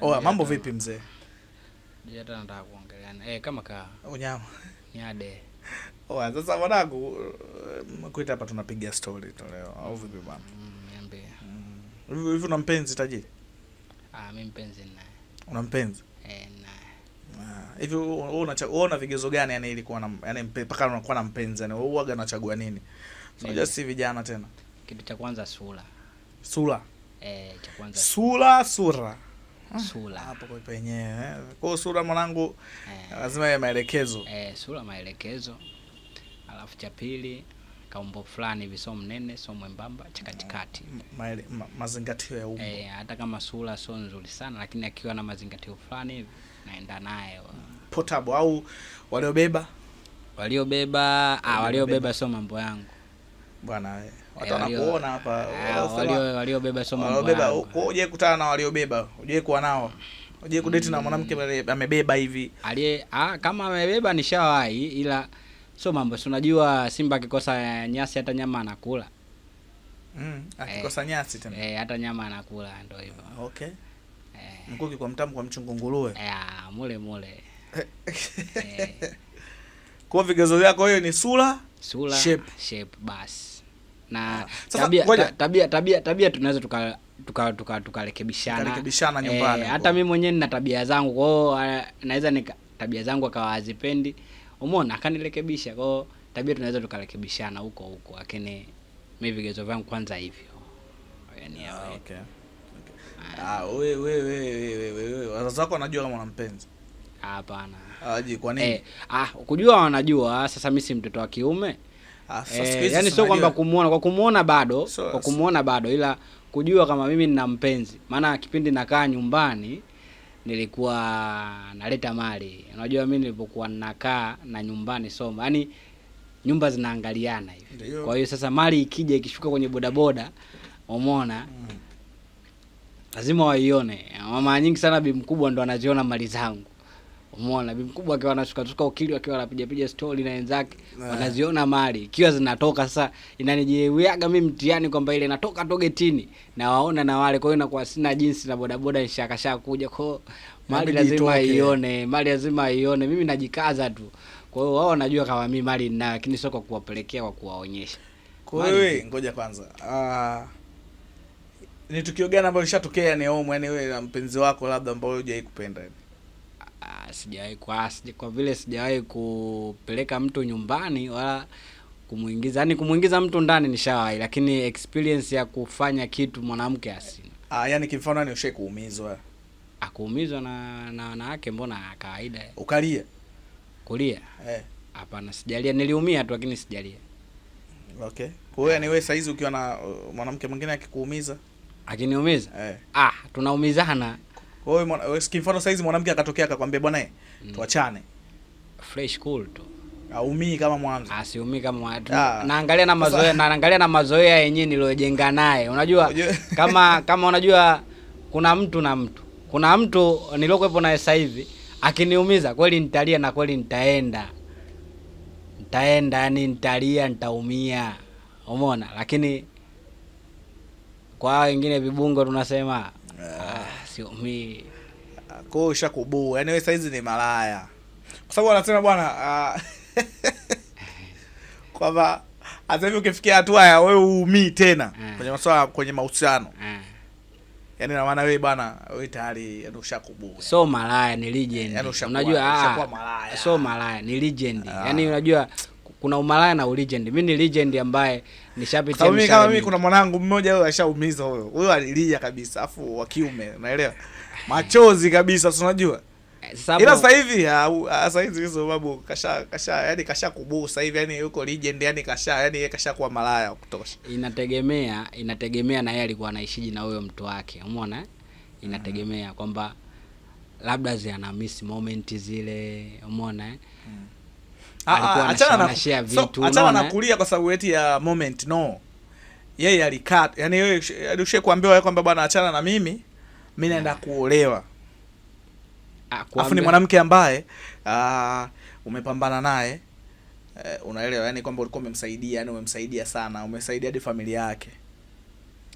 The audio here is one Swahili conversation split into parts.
Oh, mambo vipi mzee? Ndio Hata nataka kuongeleana. Eh, kama ka unyama. Oh, Niade. Oh, sasa mwanangu mkuita eh, hapa tunapiga story tu leo. Au vipi bwana? Mm, niambie. Mm. Hivi hivi una mpenzi tajiri? Ah, mimi mpenzi naye. Una mpenzi? Eh, naye. Ah, hivi wewe wewe una vigezo gani yani ili kuwa na yani mpaka unakuwa na mpenzi yani wewe uaga unachagua nini? Unajua si vijana tena. Kitu cha kwanza sura. Sura. Eh, cha kwanza. Sura, sura. Ah. sura. Hapo eh. kwa penyewe. Kwa sura mwanangu eh, lazima ya maelekezo. Eh, sura maelekezo. Alafu cha pili kaumbo fulani hivi sio mnene sio mwembamba cha katikati. Ma, ma, mazingatio ya umbo. Eh, hata kama sura sio nzuri sana lakini akiwa na mazingatio fulani naenda naye. Potable au waliobeba? Waliobeba, ah, waliobeba sio mambo yangu bwana eh, watu eh, hapa eh, waliobeba somo uje kutana na waliobeba ujue kuwa nao ujue kudeti na mm. mwanamke amebeba hivi aliye ah, kama amebeba nishawahi ila sio mambo si unajua simba akikosa nyasi hata nyama anakula mm, akikosa eh, nyasi tena eh, hata nyama anakula ndio hivyo okay eh, mkuki kwa mtamu kwa mchungu nguruwe eh, ah, mule mule eh. kwa vigezo vyako hiyo ni sura sura, shape, shape bas na ah, sasa, tabia, ta, tabia tabia tabia tunaweza tuka tukarekebishana tuka, tuka, tuka eh, nyumbani. Hata e, mimi mwenyewe nina tabia zangu kwao, ah, naweza nika tabia zangu akawa hazipendi, umeona, akanirekebisha kwao. Tabia tunaweza tukarekebishana huko huko, lakini mimi vigezo vyangu kwanza hivyo yani. Ah, okay. Okay. Ah, wewe ah, wewe wewe wewe wazazi wako wanajua kama una mpenzi? Hapana. Aje kwa nini? Eh, ah, kujua wanajua sasa mimi si mtoto wa kiume. Ah, eh, yani sio kwamba kumuona kwa kumuona bado, so, kwa kumuona bado ila kujua kama mimi nina mpenzi. Maana kipindi nakaa nyumbani nilikuwa naleta mali. Unajua mimi nilipokuwa nakaa na nyumbani soma. Yaani nyumba zinaangaliana hivi. Kwa hiyo sasa mali ikija ikishuka kwenye bodaboda umeona mm. lazima waione. mama nyingi sana bi mkubwa ndo anaziona mali zangu. Umeona bibi mkubwa akiwa anashuka tuka ukili akiwa anapiga piga story na wenzake yeah. Wanaziona mali ikiwa zinatoka sasa, inanijewiaga mimi mtihani kwamba ile inatoka togetini na waona na wale, kwa hiyo inakuwa sina jinsi, na bodaboda nishakasha kuja kwao, mali lazima ione, mali lazima ione, mimi najikaza tu. Kwa hiyo wao wanajua kama mimi mali ninayo, lakini sio kwa kuwapelekea, kwa kuwaonyesha. Kwa hiyo ngoja kwanza, uh, ni tukio gani ambalo lishatokea ni yaani home, yani wewe na mpenzi wako labda ambao hujai kupenda Ah, sijawahi kwa, ah, kwa vile sijawahi kupeleka mtu nyumbani wala kumuingiza, yani kumuingiza mtu ndani nishawahi, lakini experience ya kufanya kitu mwanamke asina. Ah, yani kimfano ni yaani ushe kuumizwa akuumizwa ah, na na wanawake, mbona kawaida. Ukalia kulia? Eh, hapana, sijalia, niliumia tu, lakini sijalia. Okay, kwa hiyo yani wewe saizi ukiwa na uh, mwanamke mwingine akikuumiza, akiniumiza eh, ah, tunaumizana kwa saizi mwanamke akatokea akakwambia bwana eh, mm. tuachane. Fresh cool tu. Aumii kama mwanzo. Asiumii ah, kama mwanzo. Ah. Naangalia na mazoea na naangalia na mazoea yenyewe niliyojenga naye. Unajua kama kama unajua kuna mtu na mtu. Kuna mtu niliokuwepo naye sasa hivi akiniumiza kweli nitalia na kweli nitaenda. Nitaenda yani nitalia, nitaumia. Umeona? Lakini kwa wengine vibungo tunasema siumii. Kwa hiyo ishakubuu, yaani wewe saizi ni malaya, kwa sababu anasema bwana uh, kwamba hata hivi ukifikia hatua ya wewe uumii tena mm. kwenye masuala kwenye mahusiano mm. Yaani na maana wewe bwana wewe tayari yani ushakubuu. So malaya ni legend. Yani unajua ah. Malaya. So malaya ni legend. Ah. Yaani unajua kuna umalaya na ulegend. Mimi ni legend ambaye nishapitia mimi. Kama mimi kuna mwanangu mmoja huyo ashaumiza huyo huyo, alilia kabisa, afu wa kiume, unaelewa, machozi kabisa, si unajua eh, Sabu... ila sasa hivi sasa hizi hizo babu kasha kasha yani kasha kubuu sasa hivi yani yuko legend yani kasha yani yeye kasha kuwa malaya kutosha. Inategemea inategemea na yeye alikuwa anaishiji na huyo mtu wake, umeona, inategemea kwamba labda zi ana miss moment zile, umeona mm. Ah, ah, anashare vitu, achana na kulia kwa sababu eti ya moment. No, yeye alikat, yani yeye alishe kuambiwa yeye kwamba bwana, achana na mimi, mimi naenda kuolewa, ah, afu ni mwanamke ambaye umepambana naye uh, unaelewa, yani kwamba ulikuwa umemsaidia, yani umemsaidia sana, umesaidia hadi familia yake,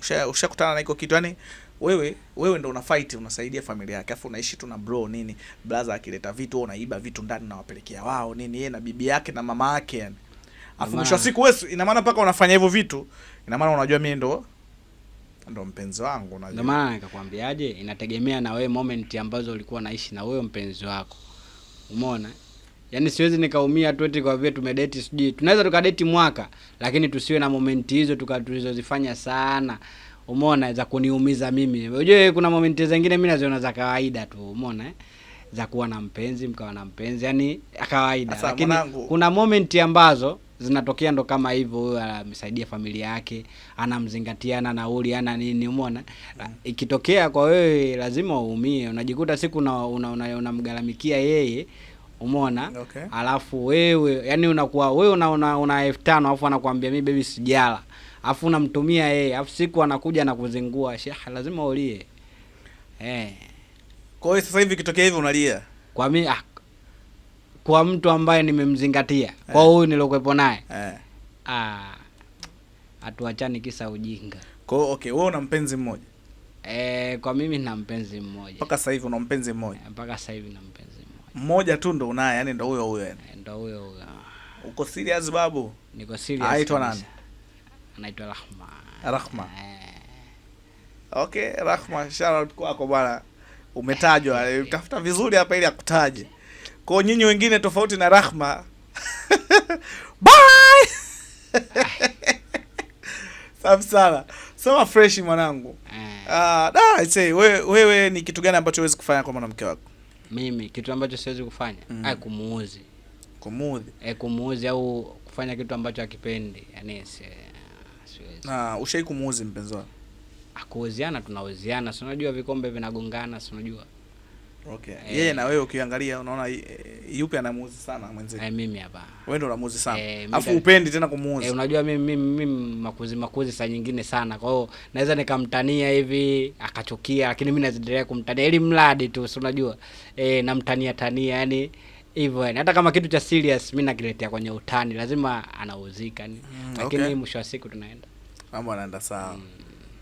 ushakutana usha na iko kitu yani wewe wewe ndo unafight unasaidia familia yake, afu unaishi tu na bro nini, brother akileta vitu wewe unaiba vitu ndani na wapelekea wao nini, yeye na bibi yake na mama yake yani. Afu mwisho siku wewe, ina maana mpaka unafanya hivyo vitu, ina maana unajua mimi ndo ndo mpenzi wangu, unajua. Ndio maana nikakwambiaje, inategemea na wewe moment ambazo ulikuwa naishi na wewe mpenzi wako, umeona. Yaani siwezi nikaumia tu eti kwa vile tumedate, sijui. Tunaweza tukadate mwaka lakini tusiwe na momenti hizo tuka tulizozifanya sana umeona, za kuniumiza mimi. Unajua kuna momenti zingine mimi naziona za kawaida tu, umeona eh? za kuwa na mpenzi mkawa na mpenzi yani kawaida, lakini mwanangu, kuna momenti ambazo zinatokea ndo kama hivyo, huyo amesaidia familia yake, anamzingatia, ana nauli, ana nini, umeona mm. Ikitokea kwa wewe lazima uumie, unajikuta siku unamgaramikia una, una, una yeye umeona okay. Alafu wewe yani unakuwa wewe una, elfu tano alafu anakuambia mimi baby sijala afu namtumia yeye, afu siku anakuja na kuzingua sheha, lazima ulie eh. Kwa hiyo sasa hivi kitokea hivi unalia kwa mi, ah, kwa mtu ambaye nimemzingatia kwa eh. huyu nilokuepo naye eh, ah, hatuachani kisa ujinga. Kwa hiyo okay, wewe una mpenzi mmoja eh? Kwa mimi na mpenzi mmoja mpaka sasa hivi. Una mpenzi mmoja eh, mpaka sasa hivi? Na mpenzi mmoja mmoja tu ndo unaye, yani ndo huyo huyo, yani eh, ndo huyo huyo. Uko serious babu? Niko serious. Aitwa nani? anaitwa Rahma. Rahma. Eh. Okay, Rahma, shout out kwako bwana. Umetajwa, eh. tafuta vizuri hapa ili akutaje. Kwa nyinyi wengine tofauti na Rahma. Bye. Safi sana. Sema fresh mwanangu. Eh. Ah, uh, da, I say wewe wewe ni kitu gani ambacho huwezi kufanya kwa mwanamke wako? Mimi kitu ambacho siwezi kufanya, mm. ai kumuuzi. Kumuuzi. Eh, kumuuzi au kufanya kitu ambacho akipendi. Yaani siwezi. Na ushai kumuuzi mpenzi wako? Akuuziana, tunauziana, si unajua vikombe vinagongana, si unajua. Okay. Eh, yeye na wewe ukiangalia unaona eh, yupi anamuuzi sana mwenzake? Eh, mimi hapa. Wewe ndio unamuuzi sana. Eh, Afu upendi tena kumuuzi. Eh, unajua mimi mimi mimi makuzi makuzi saa nyingine sana. Kwa hiyo naweza nikamtania hivi akachukia, lakini mimi naendelea kumtania ili mradi tu, si unajua. Eh, namtania tania yani hivyo yani, hata kama kitu cha serious mimi nakiletea kwenye utani, lazima anauzika ni mm, lakini okay. Mwisho wa siku tunaenda mambo anaenda sawa mm.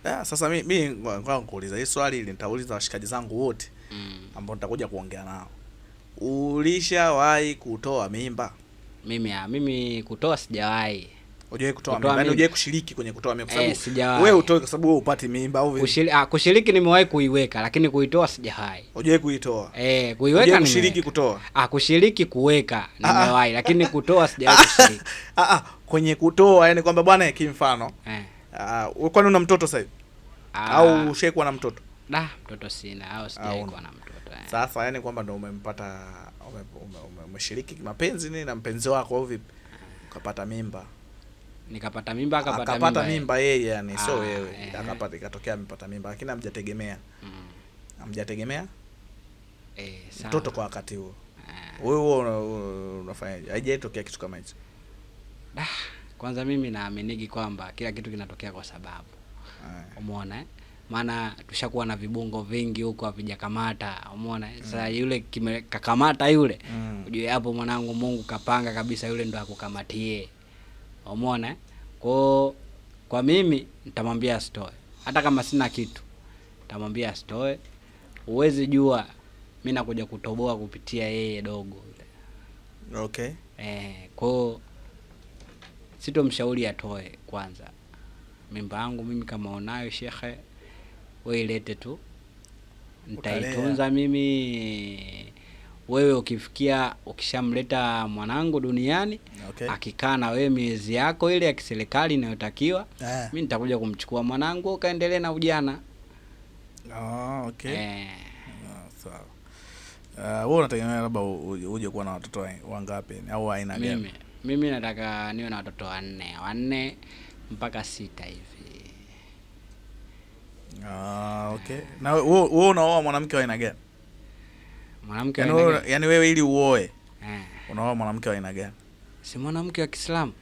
Yeah, sasa mi ngoja kuuliza hii swali ili nitauliza washikaji zangu wote mm. ambao nitakuja kuongea nao. Ulishawahi kutoa mimba? Mimi ya, ah, mimi kutoa sijawahi Hujawahi kutoa yaani mimba, hujawahi kushiriki kwenye kutoa mimba kwa sababu eh, wewe utoe kwa sababu wewe upate mimba au kushiriki. Ah, kushiriki nimewahi kuiweka lakini kuitoa sijawahi. Hujawahi kuitoa? Eh, kuiweka Kushiriki kutoa? Ah, kushiriki kuweka ah, ah. nimewahi lakini kutoa sijawahi kushiriki. Ah, ah kwenye kutoa yani kwamba bwana kimfano. Eh. kwani una mtoto sasa hivi? Au ushaikuwa na mtoto? Da, mtoto sina au sijaikuwa na mtoto. Eh. Sasa yani kwamba ndo umempata umeshiriki ume, ume, ume mapenzi nini na mpenzi wako au vipi? Ukapata mimba nikapata mimba akapata mimba, mimba yeye yani so ah, wewe ee. akapata ikatokea amepata mimba lakini amjategemea mm. amjategemea eh, mtoto kwa wakati huo ah. wewe unafanyaje? Haijaitokea kitu kama hicho. Ah, kwanza mimi naaminigi kwamba kila kitu kinatokea kwa sababu. Umeona eh? Maana tushakuwa na vibongo vingi huko havijakamata, umeona eh? mm. Sasa yule kime, kakamata yule mm. Ujue hapo mwanangu, Mungu kapanga kabisa, yule ndo akukamatie, umeona eh? Kwa kwa mimi nitamwambia asitoe, hata kama sina kitu nitamwambia asitoe. Huwezi jua mimi nakuja kutoboa kupitia yeye dogo. Okay. Eh, kwao sitomshauri atoe kwanza. Mimba yangu mimi kama unayo shekhe, wewe ilete tu, nitaitunza mimi wewe ukifikia ukishamleta mwanangu duniani okay. Akikaa na wewe miezi yako ile ya kiserikali inayotakiwa eh. Mi nitakuja kumchukua mwanangu ukaendelee na ujana. Oh, okay. Eh. Oh, Uh, wewe unategemea labda uje kuwa na watoto wangapi au aina gani? Mimi mimi nataka niwe na watoto wanne wanne mpaka sita hivi. Ah, okay. Na wewe unaoa mwanamke wa aina gani? mwanamke yani, yaani yani wewe ili uoe eh, unaoa mwanamke wa aina gani? Si mwanamke wa Kiislamu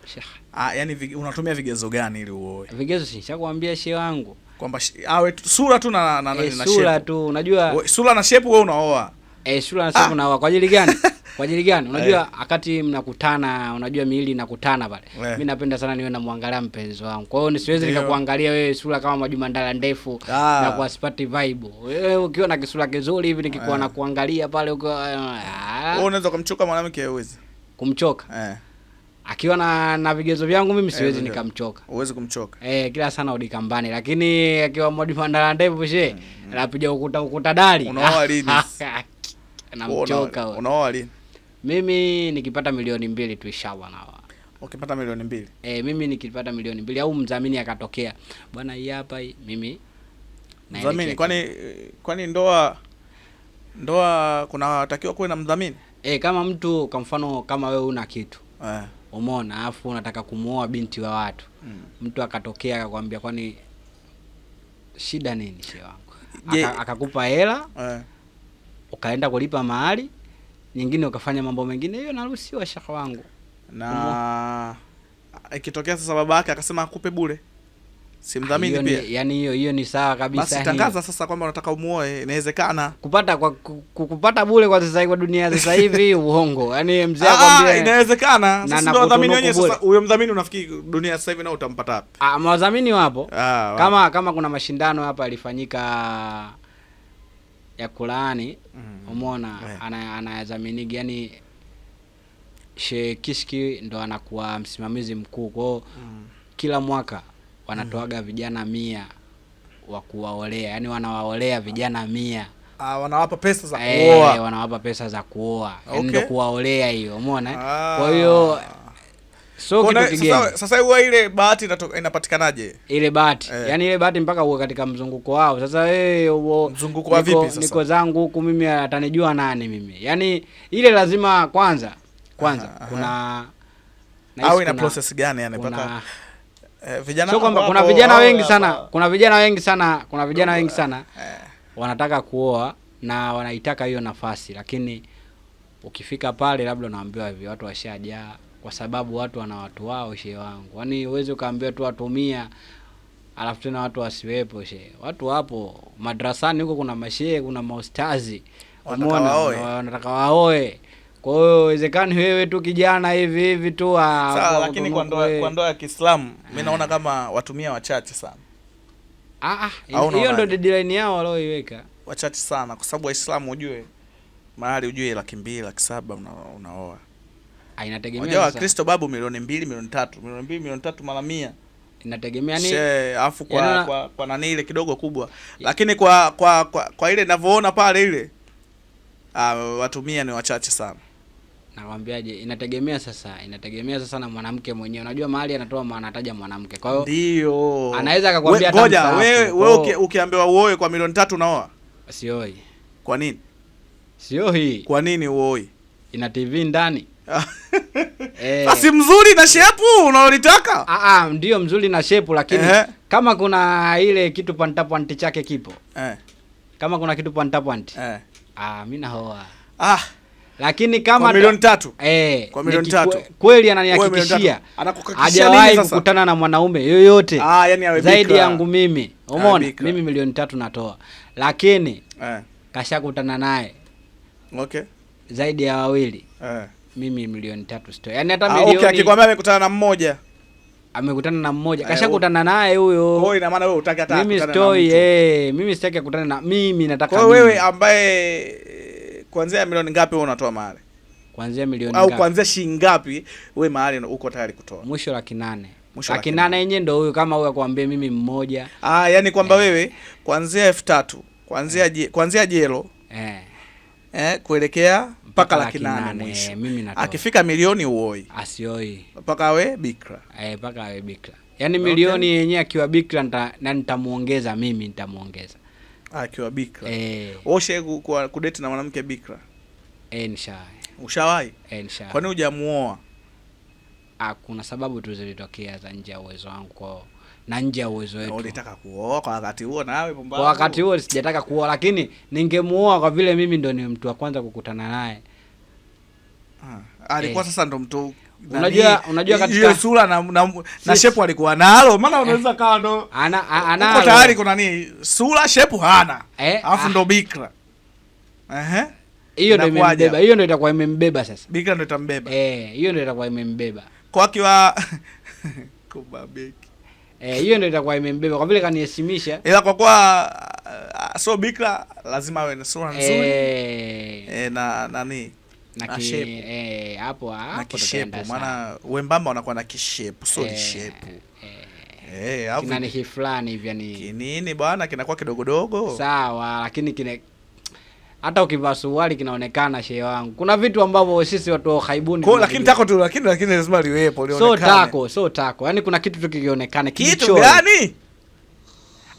Ah, yani vige, unatumia vigezo gani ili uoe? Vigezo si nishakwambia shehe wangu kwamba awe sura tu na na, na, e, na sura tu unajua we, sura na shape wewe unaoa. Eh, sura na shape ah, unaoa kwa ajili gani? Kwa ajili gani? Unajua eh. wakati mnakutana, unajua miili inakutana pale. Hey. Eh. Mimi napenda sana niwe namwangalia mpenzi wangu. Kwa hiyo nisiwezi nikakuangalia wewe sura kama Majuma Ndala ndefu ah. na kuasipati vibe. Wewe ukiwa na kisura kizuri hivi nikikuwa eh. na kuangalia pale uko ah. wewe unaweza kumchoka mwanamke hauwezi. Kumchoka. Eh. Akiwa na na vigezo vyangu mimi siwezi nikamchoka. Huwezi kumchoka. Eh, kila sana udikambani lakini akiwa Majuma Ndala ndefu she, anapiga mm, mm. ukuta ukuta dali, Unaoa lini? Namchoka Unaoa lini? Mimi nikipata milioni mbili tu ishawa na Ukipata milioni mbili. E, mimi nikipata milioni mbili au mdhamini akatokea. Bwana hii hapa mimi kwani kwani ndoa ndoa kunatakiwa kuwe na mdhamini? E, eh, kama mtu kwa mfano kama wewe una kitu. Eh. umona afu unataka kumwoa binti wa watu. Mm. Mtu akatokea akakwambia kwani shida nini shewangu wangu? Akakupa hela. Eh. Ukaenda kulipa mahali nyingine ukafanya mambo mengine, hiyo naruhusiwa shaka wangu. Na mhm. ikitokea sasa baba yake akasema akupe bure, simdhamini pia, yani hiyo hiyo ni sawa kabisa. Basi tangaza sasa kwamba unataka umuoe, inawezekana. Kupata kwa kupata bure kwa sasa, kwa dunia sasa hivi uongo, yani mzee ah, ah, akwambia inawezekana. Sasa ndio wadhamini wenyewe. Sasa huyo mdhamini unafikiri dunia sasa hivi nao utampata wapi? Ah, mwadhamini wapo. Ah, kama kama kuna mashindano hapa alifanyika ya Qur'ani mm. Umeona yeah. ana, yani Sheikh Kishki ndo anakuwa msimamizi mkuu kwao mm. Mm-hmm. Kila mwaka wanatoaga mm. vijana mia wa kuwaolea, yani wanawaolea vijana mia Ah, wanawapa pesa za eh, kuoa. Eh, wanawapa pesa za kuoa. Okay. Ndio kuwaolea hiyo, umeona? Ah. Kwa hiyo So Sasa, sasa huwa ile bahati inapatikanaje? Ile bahati. Eh. Yaani ile bahati mpaka uwe katika mzunguko wao. Sasa hey, mzunguko wa vipi sasa? Niko zangu huku mimi atanijua nani mimi? Yaani ile lazima kwanza kwanza aha, aha. kuna au ina process gani yani mpaka eh, vijana so kwamba kuna vijana wengi sana, kuna vijana wengi sana, kuna vijana wengi sana eh. eh, wanataka kuoa na wanaitaka hiyo nafasi, lakini ukifika pale labda unaambiwa hivi watu washajaa kwa sababu watu wana watu wao, she wangu. Yaani uweze ukaambia tu watu alafu tena watu wasiwepo, she watu wapo madrasani huko, kuna mashehe, kuna maustazi, umeona wanataka waoe. Kwa hiyo uwezekani wewe tu kijana hivi hivi tu a, ah, sawa, lakini kwa ndoa kwa ndoa ya Kiislamu mimi naona hmm. kama watumia wachache sana. Ah ah, hiyo ndio deadline yao walioiweka, wachache sana, kwa sababu Waislamu ujue mahali ujue laki mbili laki saba unaoa una inategemea Kristo babu milioni mbili milioni tatu milioni mbili milioni tatu mara mia inategemea nini afu kwa, Yana... Yaani kwa kwa nani ile kidogo kubwa yeah. Lakini kwa kwa kwa, kwa ile ninavyoona pale ile uh, ah, watumia ni wachache sana. Nakwambiaje, inategemea sasa, inategemea sasa na mwanamke mwenyewe. Unajua mahali anatoa maana, anataja mwanamke, kwa hiyo ndio anaweza akakwambia. Ngoja wewe wewe, oh. ukiambiwa uoe kwa milioni tatu unaoa? Sioi. Kwa nini? Sioi. Kwa nini uoe? Ina TV ndani. Eh. Basi eh, mzuri na shepu unaolitaka. Ah, ah, ndio mzuri na shepu lakini eh, kama kuna ile kitu panta chake kipo eh, kama kuna kitu panta panti eh, ah, mimi ah lakini kama milioni tatu eh, kwa milioni tatu kweli ananihakikishia hajawahi kukutana na mwanaume yoyote ah, yani zaidi yangu mimi. Umeona, mimi milioni tatu natoa, lakini eh, kashakutana naye okay, zaidi ya wawili eh mimi milioni tatu sto. Yaani hata milioni. Okay, akikwambia amekutana na mmoja. Amekutana na mmoja. Eh, Kashakutana naye huyo. Kwa hiyo ina maana wewe hutaki hata mimi stoi eh, mimi sitaki kukutana na mimi nataka mimi. Kwa wewe ambaye eh, kuanzia milioni ngapi wewe unatoa mahali? Kuanzia milioni ngapi? Au kuanzia shilingi ngapi wewe mahali uko tayari kutoa? Mwisho laki nane. Laki nane yenyewe ndio huyo kama wewe akwambie mimi mmoja. Ah, yani kwamba eh, wewe kuanzia 3000 kuanzia eh, kuanzia jelo eh, eh kuelekea mpaka laki nane mwisho. Mimi natoa. Akifika milioni uoi. Asioi. Mpaka awe bikra. Eh, mpaka awe bikra. Yaani milioni okay, yenyewe akiwa bikra nita, na nitamuongeza mimi nitamuongeza. Akiwa bikra. Eh. Oshe kwa kudeti na mwanamke bikra. Eh, nishawahi. Ushawahi? Eh, nishawahi. Kwani hujamuoa? Ah, kuna sababu tu zilitokea za nje ya uwezo wangu kwao na nje ya uwezo wetu. Ulitaka kuoa kwa wakati huo nawe pumbavu. Kwa wakati huo sijataka kuoa, lakini ningemuoa kwa vile mimi ndo ni mtu wa kwanza kukutana naye. Ah, alikuwa eh. sasa ndo mtu unajua unajua katika hiyo sura na na, na shepu alikuwa nalo, maana eh. unaweza kawa ndo ana ana uko tayari kuna nini sura shepu hana eh, afu ah. ndo bikra eh eh, hiyo ndo imembeba, hiyo ndo itakuwa imembeba sasa. Bikra ndo itambeba eh, hiyo ndo itakuwa imembeba kwa kiwa kubabeki Eh, hiyo e, ndio itakuwa imembeba kwa vile kaniheshimisha, ila kwa kuwa uh, so bikra lazima awe na sura nzuri eh, e, na nani na shape eh, hapo ah, hapo, maana wembamba wanakuwa na kishepu, so e, shape ni eh, shepu kinani fulani hivi, yani kinini bwana kinakuwa kidogodogo, sawa, lakini kine hata ukivaa suruali kinaonekana shehe wangu. Kuna vitu ambavyo sisi watu wa Khaibuni kwa lakini tako tu lakini lakini lazima liwepo lionekane. So tako, so tako. yani kuna kitu tu kilionekane kicho. Kitu gani?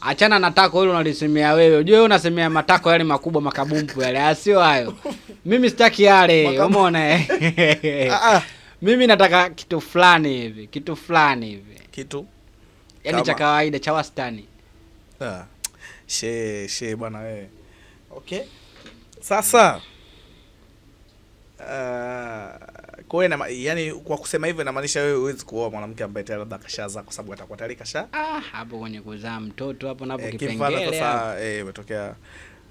Achana na tako hilo unalisemea wewe. Unajua wewe unasemea matako yale makubwa makabumpu yale, ah, sio hayo. Mimi sitaki yale, umeona eh. Ah, ah. Mimi nataka kitu fulani hivi, kitu fulani hivi. Kitu yani cha kawaida cha wastani. Ah. She she bwana wewe. Okay. Sasa uh, eh, na, yani kwa kusema hivyo inamaanisha wewe huwezi kuoa mwanamke ambaye tayari labda kashazaa kwa sababu atakuwa tayari kasha ah, hapo kwenye kuzaa mtoto hapo napo eh, kipengele sasa eh, umetokea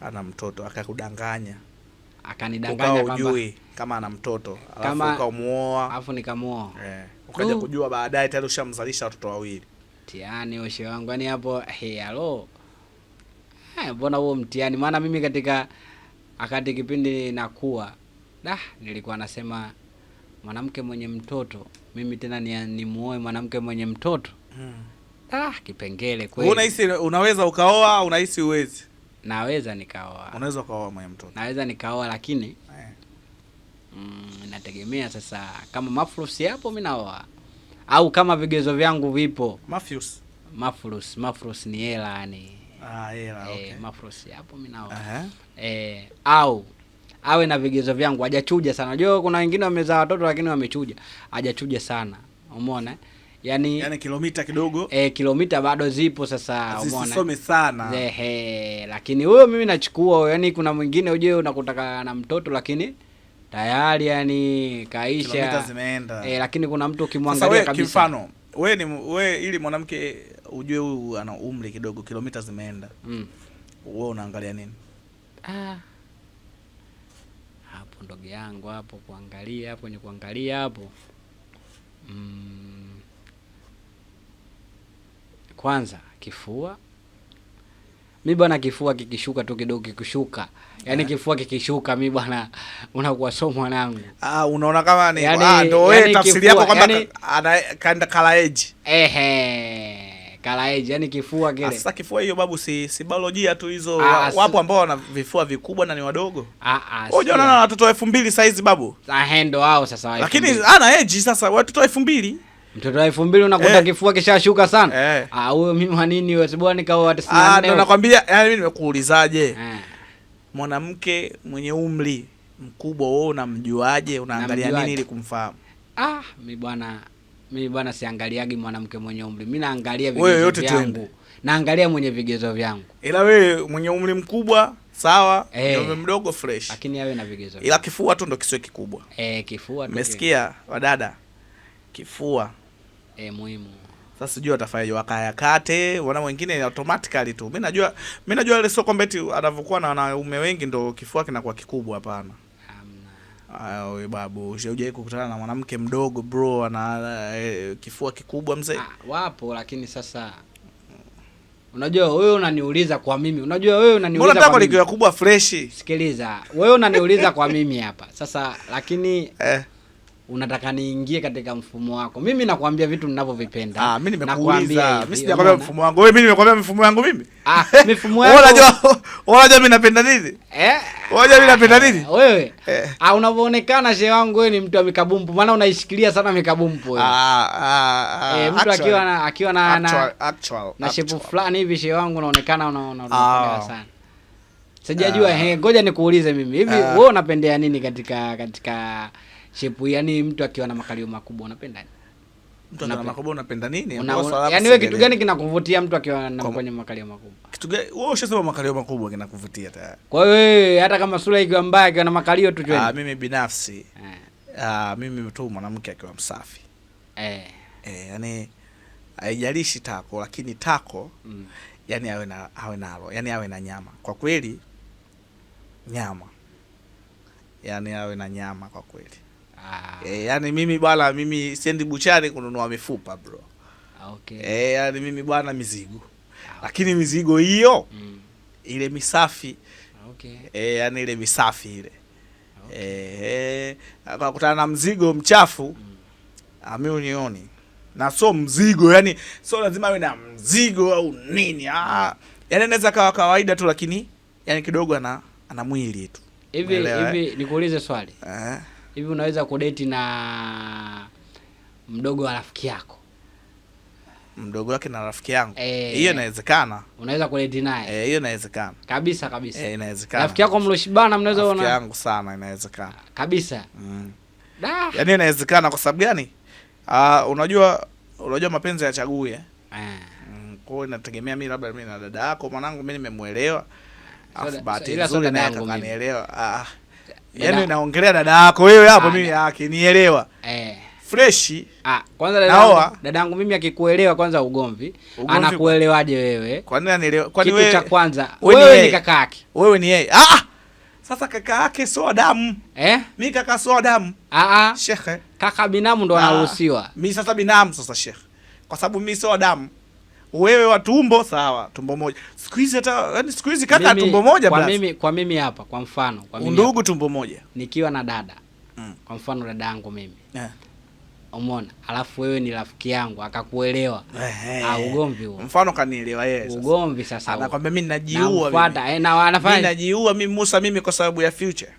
ana mtoto akakudanganya akanidanganya kwamba ujui kama ana mtoto alafu ukamuoa alafu nikamuoa eh, ukaja uh, kujua baadaye tayari ushamzalisha watoto wawili tiani ushe wangu yani hapo eh, hey, halo eh, mbona huo mtihani maana mimi katika akati kipindi nakuwa da nilikuwa nasema mwanamke mwenye mtoto mimi tena ni, ni muoe mwanamke mwenye mtoto hmm. Ah, kipengele kweli. Unahisi unaweza ukaoa? Unahisi uwezi? Naweza nikaoa. Unaweza ukaoa mwenye mtoto? Naweza nikaoa, lakini eh. Mm, nategemea sasa kama mafrus yapo mimi naoa au kama vigezo vyangu vipo. Mafurus, mafrus mafrus ni hela yani Ah, eh, mafrosi hapo eh, au awe na vigezo vyangu, hajachuja sana. Unajua kuna wengine wamezaa watoto lakini wamechuja, hajachuja sana, umona yani, yani kilomita kidogo e, kilomita bado zipo. Sasa umeona sana Zehe, lakini huyo mimi nachukua. Yani kuna mwingine uje unakutaka na mtoto lakini tayari yani kaisha e, lakini kuna mtu ukimwangalia kabisa, mfano we ni ili mwanamke ujue huyu ana umri kidogo, kilomita zimeenda mm. Wewe unaangalia nini? Ah, hapo ndogo yangu hapo, kuangalia hapo ni kuangalia hapo mm. Kwanza kifua mi bwana, kifua kikishuka tu kidogo, kikishuka yani yeah. Kifua kikishuka mi bwana, unakuwa so mwanangu. Ah, unaona kama ni yani, ah, ndio wewe yani tafsiri yako kwamba yani, kaenda kalaeji ehe kalaeji, yani kifua kile. Sasa kifua hiyo babu, si si biolojia tu hizo. Aa, ah, wapo ambao wana vifua vikubwa na ni wadogo. Ah, ah, Unaona na watoto wa 2000 size babu, ah, hendo hao sasa, lakini ana age sasa, watoto wa 2000 mtoto wa elfu mbili unakuta eh, kifua kishashuka sana eh. ah, huyo Mimi Mimi nini wewe sibwa, sibwani kawa ndo nakwambia, yani mimi nimekuulizaje eh. Mwanamke mwenye umri mkubwa wewe unamjuaje? Unaangalia nini ili kumfahamu? Ah, mi bwana mimi bwana siangaliagi mwanamke mwenye umri. Mimi naangalia vigezo vyangu. Naangalia mwenye vigezo vyangu. Ila wewe mwenye umri mkubwa sawa, hey, eh. mwenye mdogo fresh. Lakini awe na vigezo. Ila kifua tu ndo kisiwe kikubwa. Eh, hey, kifua tu. Umesikia wadada? Kifua. Eh, hey, muhimu. Sasa sijui watafanyaje, wakayakate wana wengine automatically tu. Mimi najua mimi najua ile sio kwamba eti anavyokuwa na wanaume wengi ndo kifua kinakuwa kikubwa, hapana. Awe babu, hujawahi kukutana na mwanamke mdogo bro, ana e, kifua kikubwa mzee? Ah, wapo lakini sasa Unajua wewe unaniuliza kwa mimi. Unajua wewe unaniuliza Mbona kwa mimi. Mbona kubwa fresh? Sikiliza. Wewe unaniuliza kwa mimi hapa. Sasa lakini eh unataka niingie katika mfumo wako. Mimi nakwambia vitu ninavyovipenda. Ah, mimi nimekuuliza. Mimi sijakwambia mfumo wangu. Wewe mimi nimekwambia mfumo wangu mimi? Ah, mfumo wangu. Unajua unajua mimi napenda nini? Eh? Unajua mimi napenda ah, nini? Wewe. Eh. Ah, unavyoonekana shehe wangu wewe ni mtu wa mikabumpu. Maana unaishikilia sana mikabumpu wewe. Ah, ah, ah. Eh, mtu akiwa na akiwa na actual, actual, na shepu fulani hivi shehe wangu unaonekana unaonekana ah. sana. Sijajua ah. Ngoja nikuulize mimi hivi ah. Wewe unapendea nini katika katika shepu, yani mtu akiwa na makalio makubwa unapenda nini? Mtu ana makubwa unapenda nini? Una, una, yaani wewe kitu yaani- gani kinakuvutia mtu akiwa na mkonyo makalio makubwa? Kitu gani? Wewe ushasema makalio makubwa kinakuvutia tayari. Kwa hiyo hata kama sura ikiwa mbaya akiwa na makalio tu chweni. Ah, mimi binafsi. Eh. Ah, mimi tu mwanamke akiwa msafi. Eh. Eh, yani haijalishi tako lakini tako mm. yani awe na awe nalo, yani awe na nyama. Kwa kweli nyama, yani awe na nyama kwa kweli. Ah. E, eh, yani mimi bwana, mimi siendi buchari kununua mifupa bro. Ah, okay. E, eh, yani mimi bwana mizigo. Ah. Lakini mizigo hiyo mm. ile misafi. Ah, okay. E, eh, yani ile misafi ile. Ah, okay. E, e, kakutana na mzigo mchafu mm. ami unioni na so mzigo yani, so lazima awe na mzigo au nini? Ah, yani anaweza kawa kawaida tu, lakini yani kidogo ana ana mwili tu. Hivi eh? hivi nikuulize swali. Eh? Hivi unaweza kudeti na mdogo wa rafiki yako? Mdogo wake na rafiki yangu. Eh. Hiyo e, inawezekana. Unaweza kudeti naye. Eh, hiyo inawezekana. Kabisa kabisa. Eh, inawezekana. Rafiki yako mloshibana mnaweza ona. Rafiki yangu sana inawezekana. Kabisa. Mm. Da. Yaani inawezekana kwa sababu gani? Ah, uh, unajua unajua mapenzi ya chaguye. Eh? eh. Mm, kwa hiyo inategemea mimi labda mimi na dada yako mwanangu mimi nimemuelewa bahati nzuri naye akanielewa. Ah, ah. yani naongelea dada yako wewe hapo, ah, mimi akinielewa eh. fresh. Ah, kwanza dada dadangu mimi akikuelewa, kwanza ugomvi, anakuelewaje wewe? Kwa nini anielewa? Kwa nini wewe? Kitu cha kwanza wewe ni kaka yake, wewe ni yeye. Ah, ah. sasa kaka yake sio damu eh, mimi kaka sio damu. Ah ah, shekhe, kaka binamu ndo anaruhusiwa. Mimi sasa binamu sasa, shekhe, kwa sababu mimi sio damu wewe wa tumbo sawa, tumbo moja. Siku hizi hata yani, siku hizi kaka, tumbo moja kwa mimi, kwa mimi hapa kwa mfano, kwa mimi ndugu tumbo moja nikiwa na dada mm. kwa mfano dada yangu mimi yeah. Umeona, alafu wewe ni rafiki yangu akakuelewa, ah, ugomvi huo. Mfano kanielewa yeye, ugomvi sasa, anakwambia mimi ninajiua mimi, eh, najiua mimi Musa, mimi kwa sababu ya future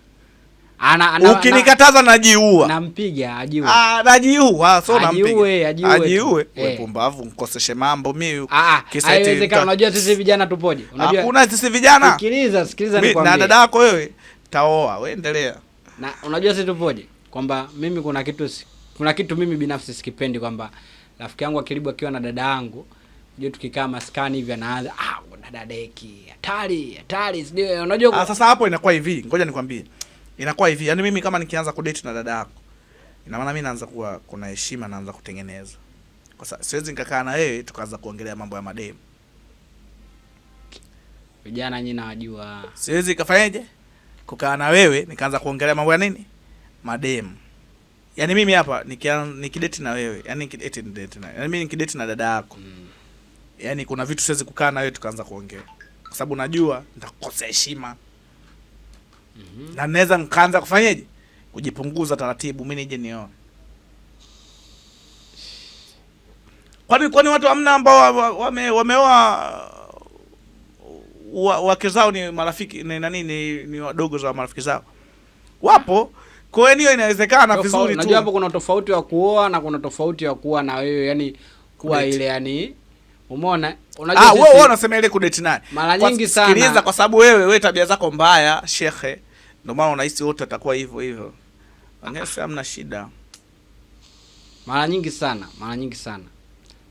ana, ana, ukinikataza najiua, nampiga ajiue, ah, najiua, so nampiga ajiue. Eh. Wewe pumbavu, mkoseshe mambo mimi. Ah, ah, Haiwezekana. Unajua sisi vijana tupoje? Unajua hakuna sisi vijana. Sikiliza, sikiliza nikwambie, na dada yako wewe taoa, wewe endelea. Na unajua sisi tupoje, kwamba mimi kuna kitu, kuna kitu mimi binafsi sikipendi, kwamba rafiki yangu akilibu akiwa na dada yangu tukikaa maskani hivi anaanza ah, dada deki hatari hatari, sijui unajua. Sasa hapo inakuwa hivi, ngoja nikwambie Inakuwa hivi, yani mimi kama nikianza kudate na dada yako, ina maana mimi naanza kuwa kuna heshima naanza kutengeneza. Kwa sababu siwezi nikakaa na wewe tukaanza kuongelea mambo ya mademu. Vijana nyinyi nawajua. Siwezi kafanyaje? Kukaa na wewe nikaanza kuongelea mambo ya nini? Mademu. Yani mimi hapa nikidate na wewe, yani nikidate date na. yani mimi nikidate na dada yako. Mm. Yani kuna vitu siwezi kukaa na wewe tukaanza kuongea. Kwa sababu najua nitakukosea heshima. -hmm. na naweza nkaanza kufanyaje kujipunguza taratibu, mimi nije nione. Kwani kwani watu hamna ambao wame, wameoa wake zao ni marafiki ni nani ni, ni wadogo za marafiki zao wapo. Kwa hiyo hiyo inawezekana vizuri tu. Najua hapo kuna tofauti ya kuoa na kuna tofauti ya kuwa na wewe yani kuwa right. ile yani Umeona? Ah, unajua ah, wewe unasema ile kudate nani? Mara nyingi sana. Sikiliza kwa sababu wewe wewe tabia zako mbaya, shekhe. Ndio maana unahisi wote atakuwa hivyo hivyo. Angesa hamna shida. Mara nyingi sana, mara nyingi sana.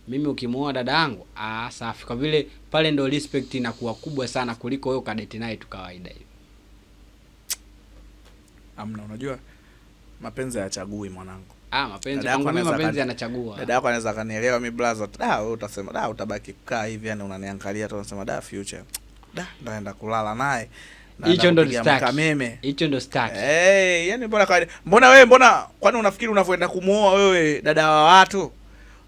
Mimi ukimuoa dada yangu, ah, safi kwa vile pale ndio respect inakuwa kubwa sana kuliko wewe kadate naye tu kawaida Amna, unajua mapenzi hayachagui mwanangu. Ah, mapenzi kwa mimi mapenzi anachagua. Dada yako anaweza kanielewa mimi brother. Da, ah, wewe utasema da ah, utabaki kukaa hivi yani unaniangalia tu unasema da future. Da, naenda kulala naye. Hicho ndo stack. Hicho ndo stack. Eh, yani mbona kwa mbona wewe mbona kwani unafikiri unavyoenda kumuoa wewe dada wa watu?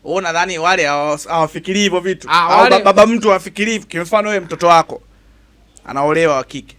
Wewe nadhani wale hawafikiri hivyo vitu. Ah, baba mtu hawafikirii. Kwa mfano wewe mtoto wako anaolewa wa kike.